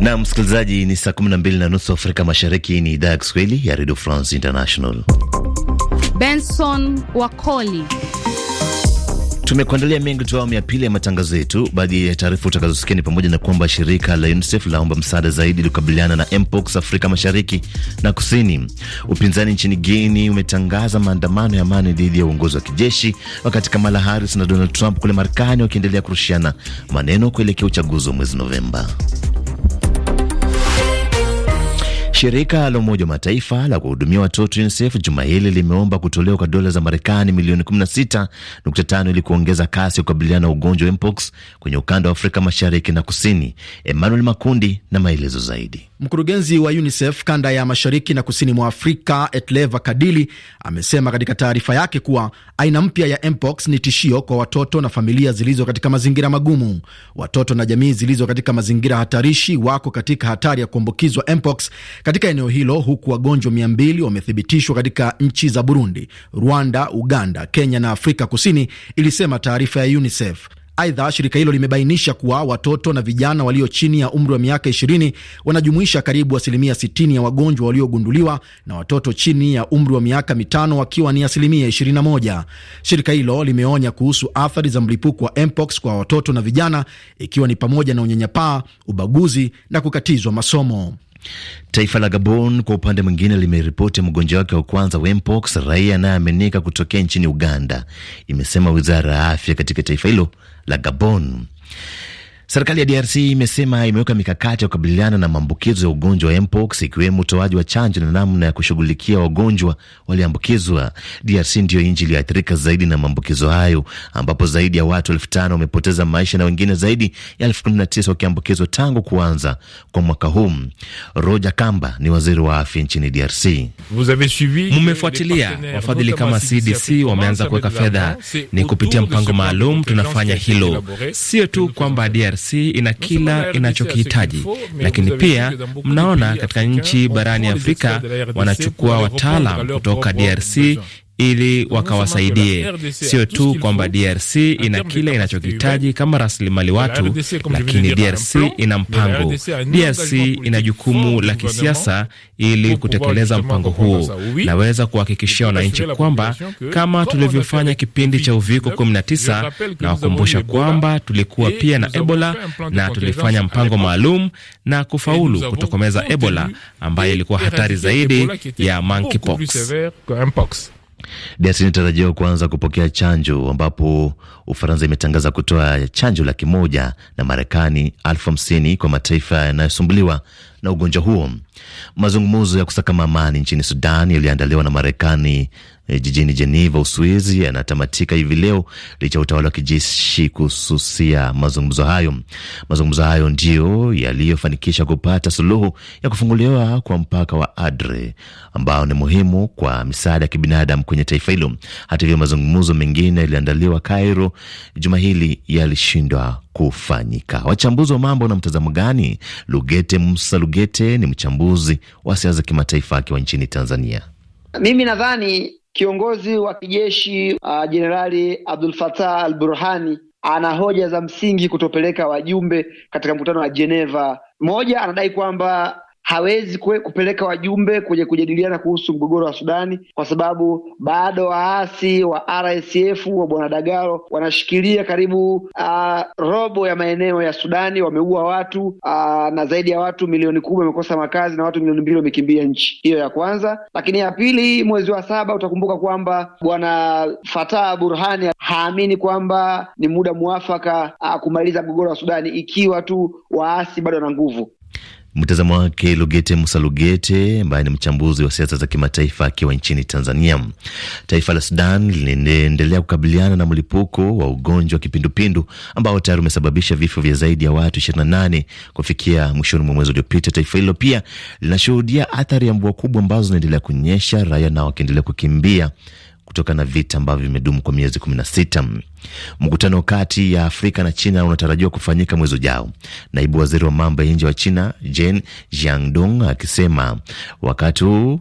Na msikilizaji, ni saa 12 na nusu Afrika Mashariki. Ni idhaa ya Kiswahili ya Radio France International. Benson Wakoli tumekuandalia mengi tu awamu ya pili ya matangazo yetu. Baadhi ya taarifa utakazosikia ni pamoja na kwamba shirika la UNICEF laomba msaada zaidi likukabiliana kukabiliana na mpox Afrika mashariki na kusini. Upinzani nchini Guini umetangaza maandamano ya amani dhidi ya uongozi wa kijeshi, wakati Kamala Harris na Donald Trump kule Marekani wakiendelea kurushiana maneno kuelekea uchaguzi wa mwezi Novemba. Shirika la Umoja wa Mataifa la kuhudumia watoto UNICEF juma hili limeomba kutolewa kwa dola za Marekani milioni 16.5 ili kuongeza kasi ya kukabiliana na ugonjwa wa mpox kwenye ukanda wa Afrika mashariki na Kusini. Emmanuel Makundi na maelezo zaidi. Mkurugenzi wa UNICEF kanda ya mashariki na kusini mwa Afrika, Etleva Kadili, amesema katika taarifa yake kuwa aina mpya ya mpox ni tishio kwa watoto na familia zilizo katika mazingira magumu. Watoto na jamii zilizo katika mazingira hatarishi wako katika hatari ya kuambukizwa mpox katika eneo hilo, huku wagonjwa mia mbili wamethibitishwa katika nchi za Burundi, Rwanda, Uganda, Kenya na Afrika Kusini, ilisema taarifa ya UNICEF. Aidha, shirika hilo limebainisha kuwa watoto na vijana walio chini ya umri wa miaka 20 wanajumuisha karibu asilimia 60 ya wagonjwa waliogunduliwa na watoto chini ya umri wa miaka mitano wakiwa ni asilimia 21. Shirika hilo limeonya kuhusu athari za mlipuko wa mpox kwa watoto na vijana, ikiwa ni pamoja na unyanyapaa, ubaguzi na kukatizwa masomo. Taifa la Gabon kwa upande mwingine limeripoti mgonjwa wake wa kwanza wa mpox, raia anayeaminika kutokea nchini Uganda, imesema wizara ya afya katika taifa hilo la Gabon. Serikali ya DRC imesema imeweka mikakati ya kukabiliana na maambukizo ya ugonjwa wa mpox ikiwemo utoaji wa chanjo na namna ya kushughulikia wagonjwa walioambukizwa. DRC ndiyo nchi iliyoathirika zaidi na maambukizo hayo, ambapo zaidi ya watu elfu tano wamepoteza maisha na wengine zaidi ya elfu kumi na tisa wakiambukizwa tangu kuanza kwa mwaka huu. Roger Kamba ni waziri wa afya nchini DRC. Mmefuatilia wafadhili kama CDC wameanza kuweka fedha, ni kupitia mpango maalum tunafanya hilo, sio tu kwamba DRC DRC ina kila inachokihitaji, lakini pia mnaona katika nchi barani Afrika wanachukua wataalam kutoka DRC ili wakawasaidie, sio tu kwamba DRC ina kile inachokitaji kama rasilimali yaani watu, lakini DRC ina mpango. DRC ina jukumu la kisiasa ili kutekeleza mpango huo. Naweza kuhakikishia wananchi kwamba kama tulivyofanya kipindi cha uviko 19, nawakumbusha kwamba tulikuwa pia na Ebola na tulifanya mpango maalum na kufaulu kutokomeza Ebola ambayo ilikuwa hatari zaidi ya monkeypox. DRC inatarajiwa kuanza kupokea chanjo ambapo Ufaransa imetangaza kutoa chanjo laki moja na Marekani elfu hamsini kwa mataifa yanayosumbuliwa na ugonjwa huo. Mazungumzo ya kusaka amani nchini Sudan yaliyoandaliwa na Marekani Eh, jijini Geneva, Uswizi, yanatamatika hivi leo licha ya utawala wa kijeshi kususia mazungumzo hayo. Mazungumzo hayo ndiyo yaliyofanikisha kupata suluhu ya kufunguliwa kwa mpaka wa Adre ambao ni muhimu kwa misaada ya kibinadamu kwenye taifa hilo. Hata hivyo, mazungumzo mengine yaliandaliwa Cairo juma hili yalishindwa kufanyika. Wachambuzi wa mambo na mtazamo gani? Lugete Musa Lugete ni mchambuzi wa siasa za kimataifa akiwa nchini Tanzania. Mimi nadhani Kiongozi wa kijeshi uh, Jenerali uh, Abdul Fattah al-Burhani ana hoja za msingi kutopeleka wajumbe katika mkutano wa Geneva. Moja, anadai kwamba hawezi kwe, kupeleka wajumbe kwenye kujadiliana kuhusu mgogoro wa Sudani kwa sababu bado waasi wa RSF wa bwana Dagalo wanashikilia karibu uh, robo ya maeneo ya Sudani, wameua watu uh, na zaidi ya watu milioni kumi wamekosa makazi na watu milioni mbili wamekimbia nchi. Hiyo ya kwanza, lakini ya pili, mwezi wa saba utakumbuka kwamba bwana Fatah Burhani haamini kwamba ni muda mwafaka uh, kumaliza mgogoro wa Sudani ikiwa tu waasi bado na nguvu. Mtazamo wake Lugete Musa Lugete, ambaye ni mchambuzi wa siasa za kimataifa akiwa nchini Tanzania. Taifa la Sudan linaendelea kukabiliana na mlipuko wa ugonjwa wa kipindupindu ambao tayari umesababisha vifo vya zaidi ya watu 28 kufikia mwishoni mwa mwezi uliopita. Taifa hilo pia linashuhudia athari ya mvua kubwa ambazo zinaendelea kunyesha, raia nao wakiendelea kukimbia kutokana na vita ambavyo vimedumu kwa miezi 16. Mkutano kati ya Afrika na China unatarajiwa kufanyika mwezi ujao, naibu waziri wa mambo ya nje wa China Jen Jiangdong akisema wakati huu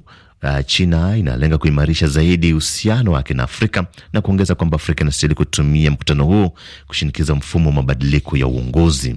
uh, China inalenga kuimarisha zaidi uhusiano wake na Afrika na kuongeza kwamba Afrika inastahili kutumia mkutano huo kushinikiza mfumo wa mabadiliko ya uongozi.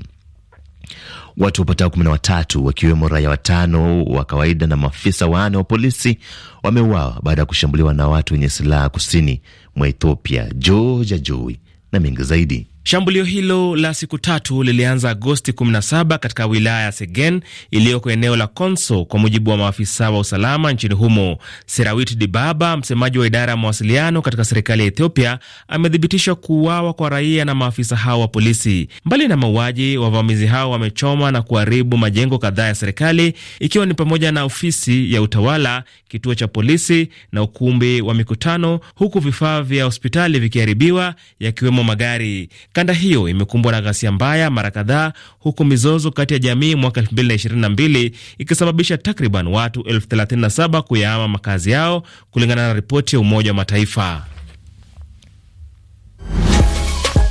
Watu wapatao kumi na watatu wakiwemo raia watano wa kawaida na maafisa wanne wa polisi wameuawa baada ya kushambuliwa na watu wenye silaha kusini mwa Ethiopia. jo Jowi na mengi zaidi Shambulio hilo la siku tatu lilianza Agosti 17 katika wilaya ya Segen iliyoko eneo la Konso, kwa mujibu wa maafisa wa usalama nchini humo. Serawit Dibaba, msemaji wa idara ya mawasiliano katika serikali ya Ethiopia, amethibitisha kuuawa kwa raia na maafisa hao wa polisi. Mbali na mauaji, wavamizi hao wamechoma na kuharibu majengo kadhaa ya serikali, ikiwa ni pamoja na ofisi ya utawala, kituo cha polisi na ukumbi wa mikutano, huku vifaa vya hospitali vikiharibiwa, yakiwemo magari. Kanda hiyo imekumbwa na ghasia mbaya mara kadhaa, huku mizozo kati ya jamii mwaka 2022 ikisababisha takriban watu 37 kuyaama makazi yao, kulingana na ripoti ya Umoja wa Mataifa.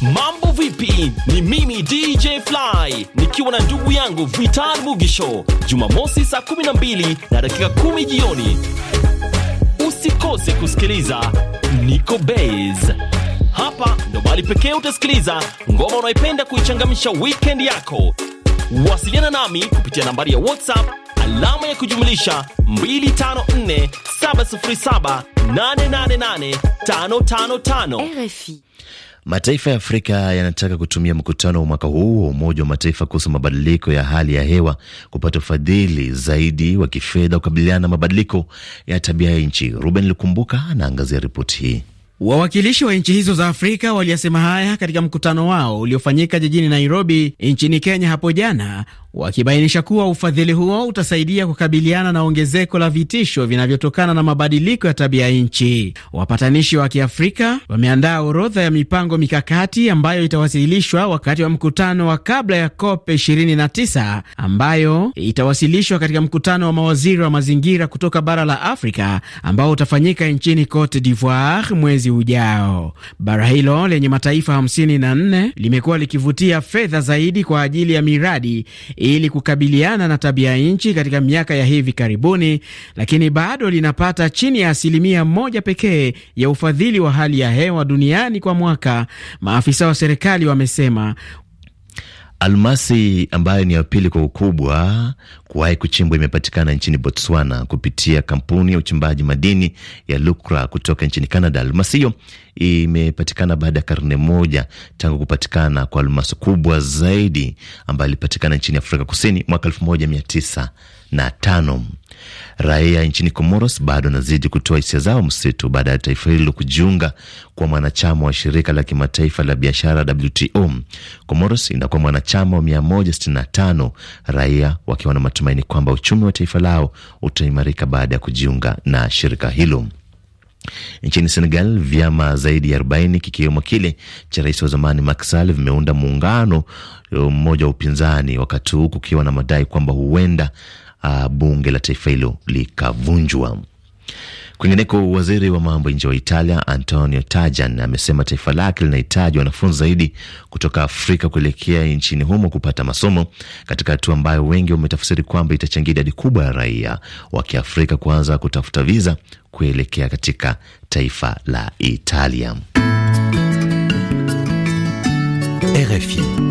Mambo vipi? Ni mimi DJ Fly nikiwa na ndugu yangu Vital Mugisho, Jumamosi saa 12 na dakika 10 jioni, usikose kusikiliza Niko Base. Hapa ndo bali pekee utasikiliza ngoma unaipenda kuichangamsha wikendi yako. Wasiliana nami kupitia nambari ya WhatsApp alama ya kujumlisha 254 RFI. Mataifa ya Afrika yanataka kutumia mkutano wa mwaka huu wa Umoja wa Mataifa kuhusu mabadiliko ya hali ya hewa kupata ufadhili zaidi wa kifedha kukabiliana na mabadiliko ya tabia ya nchi. Ruben likumbuka anaangazia ripoti hii. Wawakilishi wa nchi hizo za Afrika waliyasema haya katika mkutano wao uliofanyika jijini Nairobi nchini Kenya hapo jana, wakibainisha kuwa ufadhili huo utasaidia kukabiliana na ongezeko la vitisho vinavyotokana na mabadiliko ya tabia nchi. Wapatanishi wa Kiafrika wameandaa orodha ya mipango mikakati ambayo itawasilishwa wakati wa mkutano wa kabla ya COP 29 ambayo itawasilishwa katika mkutano wa mawaziri wa mazingira kutoka bara la Afrika ambao utafanyika nchini Cote d'Ivoire mwezi ujao. Bara hilo lenye mataifa 54 limekuwa likivutia fedha zaidi kwa ajili ya miradi ili kukabiliana na tabia nchi katika miaka ya hivi karibuni, lakini bado linapata chini ya asilimia moja pekee ya ufadhili wa hali ya hewa duniani kwa mwaka, maafisa wa serikali wamesema, Almasi ambayo ni ya pili kwa ukubwa kuwahi kuchimbwa imepatikana nchini Botswana kupitia kampuni ya uchimbaji madini ya Lukra kutoka nchini Canada. Almasi hiyo imepatikana baada ya karne moja tangu kupatikana kwa almasi kubwa zaidi ambayo ilipatikana nchini Afrika Kusini mwaka elfu moja mia tisa na tano. Raia nchini Comoros bado wanazidi kutoa hisia zao mseto baada ya taifa hilo kujiunga kwa mwanachama wa shirika la kimataifa la biashara WTO. Comoros inakuwa mwanachama wa 165, raia wakiwa na matumaini kwamba uchumi wa taifa lao utaimarika baada ya kujiunga na shirika hilo. Nchini Senegal, vyama zaidi ya 40 kikiwemo kile cha rais wa zamani Macky Sall vimeunda muungano eh, mmoja wa upinzani, wakati huu kukiwa na madai kwamba huenda uh, bunge la taifa hilo likavunjwa. Kwingineko, waziri wa mambo nje wa Italia Antonio Tajani amesema taifa lake linahitaji wanafunzi zaidi kutoka Afrika kuelekea nchini humo kupata masomo, katika hatua ambayo wengi wametafsiri kwamba itachangia idadi kubwa ya raia wa Kiafrika kuanza kutafuta viza kuelekea katika taifa la Italia. RFI.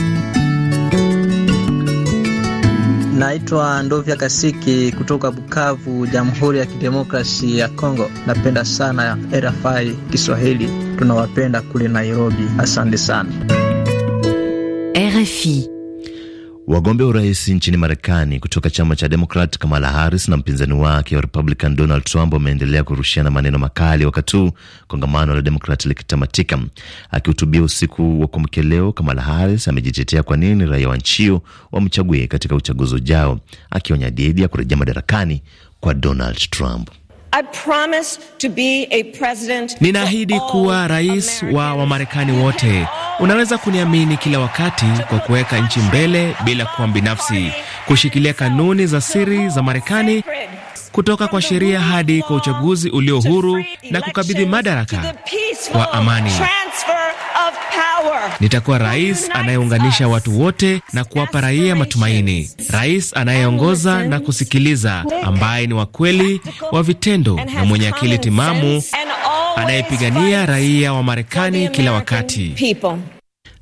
Naitwa Ndovya Kasiki kutoka Bukavu, Jamhuri ya Kidemokrasi ya Kongo. Napenda sana RFI Kiswahili, tunawapenda kule Nairobi. Asante sana RFI. Wagombea urais nchini Marekani kutoka chama cha Demokrat Kamala Harris na mpinzani wake wa Republican Donald Trump wameendelea kurushiana maneno makali wakati huu kongamano la Demokrat likitamatika. Akihutubia usiku wa kuamkia leo, Kamala Harris amejitetea kwa nini raia wa nchi hiyo wamchague katika uchaguzi ujao, akionya dhidi ya kurejea madarakani kwa Donald Trump. Ninaahidi kuwa rais wa Wamarekani wote. Unaweza kuniamini kila wakati kwa kuweka nchi mbele bila kuwa binafsi, kushikilia kanuni za siri za Marekani, kutoka kwa sheria hadi kwa uchaguzi ulio huru na kukabidhi madaraka kwa amani. Nitakuwa rais anayeunganisha watu wote na kuwapa raia matumaini, rais anayeongoza na kusikiliza, ambaye ni wakweli wa vitendo na mwenye akili timamu, anayepigania raia wa Marekani kila wakati people.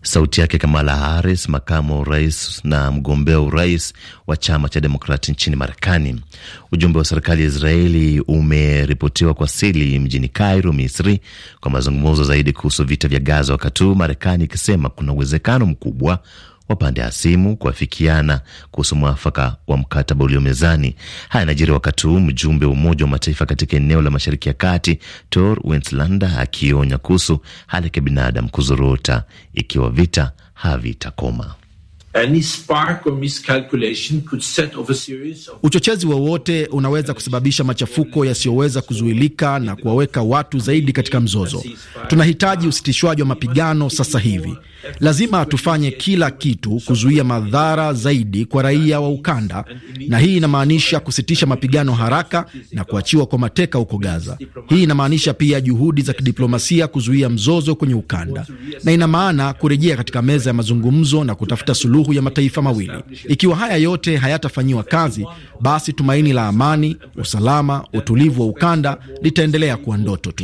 Sauti yake Kamala Harris, makamu rais na mgombea urais wa chama cha Demokrati nchini Marekani. Ujumbe wa serikali ya Israeli umeripotiwa kuwasili mjini Cairo, Misri, kwa mazungumzo zaidi kuhusu vita vya Gaza, wakati huu Marekani ikisema kuna uwezekano mkubwa wapande hasimu kuafikiana kuhusu mwafaka wa mkataba ulio mezani. Haya yanajiri wakati huu mjumbe wa Umoja wa Mataifa katika eneo la Mashariki ya Kati Tor Wenslanda akionya kuhusu hali ya kibinadamu kuzorota ikiwa vita havitakoma. Uchochezi wowote unaweza kusababisha machafuko yasiyoweza kuzuilika na kuwaweka watu zaidi katika mzozo. Tunahitaji usitishwaji wa mapigano sasa hivi. Lazima tufanye kila kitu kuzuia madhara zaidi kwa raia wa ukanda, na hii inamaanisha kusitisha mapigano haraka na kuachiwa kwa mateka huko Gaza. Hii inamaanisha pia juhudi za kidiplomasia kuzuia mzozo kwenye ukanda, na ina maana kurejea katika meza ya mazungumzo na kutafuta suluhu ya mataifa mawili. Ikiwa haya yote hayatafanyiwa kazi, basi tumaini la amani, usalama, utulivu wa ukanda litaendelea kuwa ndoto tu.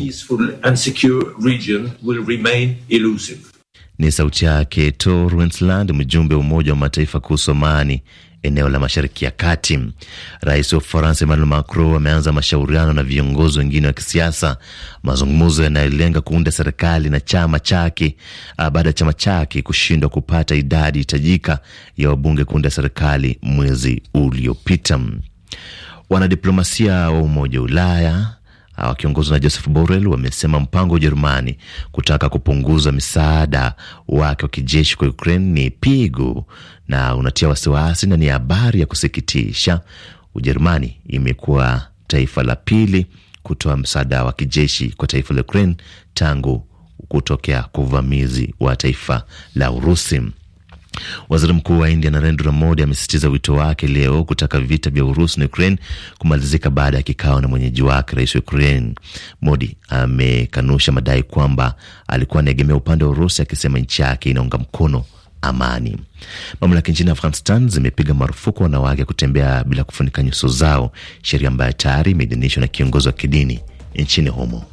Ni sauti yake Tor Wennesland, mjumbe wa Umoja wa Mataifa kuhusu amani eneo la Mashariki ya Kati. Rais wa Ufaransa Emmanuel Macron ameanza mashauriano na viongozi wengine wa kisiasa, mazungumzo yanayolenga kuunda serikali na chama chake ah, baada ya chama chake kushindwa kupata idadi hitajika ya wabunge kuunda serikali mwezi uliopita. Wanadiplomasia wa Umoja wa Ulaya wakiongozwa ah, na Joseph Borrell wamesema mpango wa Ujerumani kutaka kupunguza misaada wake wa kijeshi kwa Ukraine ni pigo na unatia wasiwasi na ni habari ya kusikitisha. Ujerumani imekuwa taifa la pili kutoa msaada wa kijeshi kwa taifa la Ukraine tangu kutokea kwa uvamizi wa taifa la Urusi. Waziri Mkuu wa India Narendra Modi amesisitiza wito wake leo kutaka vita vya Urusi na Ukraine kumalizika baada ya kikao na mwenyeji wake rais wa Ukraine. Modi amekanusha madai kwamba alikuwa anaegemea upande wa Urusi, akisema nchi yake inaunga mkono amani. Mamlaka nchini Afghanistan zimepiga marufuku wanawake kutembea bila kufunika nyuso zao, sheria ambayo tayari imeidhinishwa na kiongozi wa kidini nchini humo.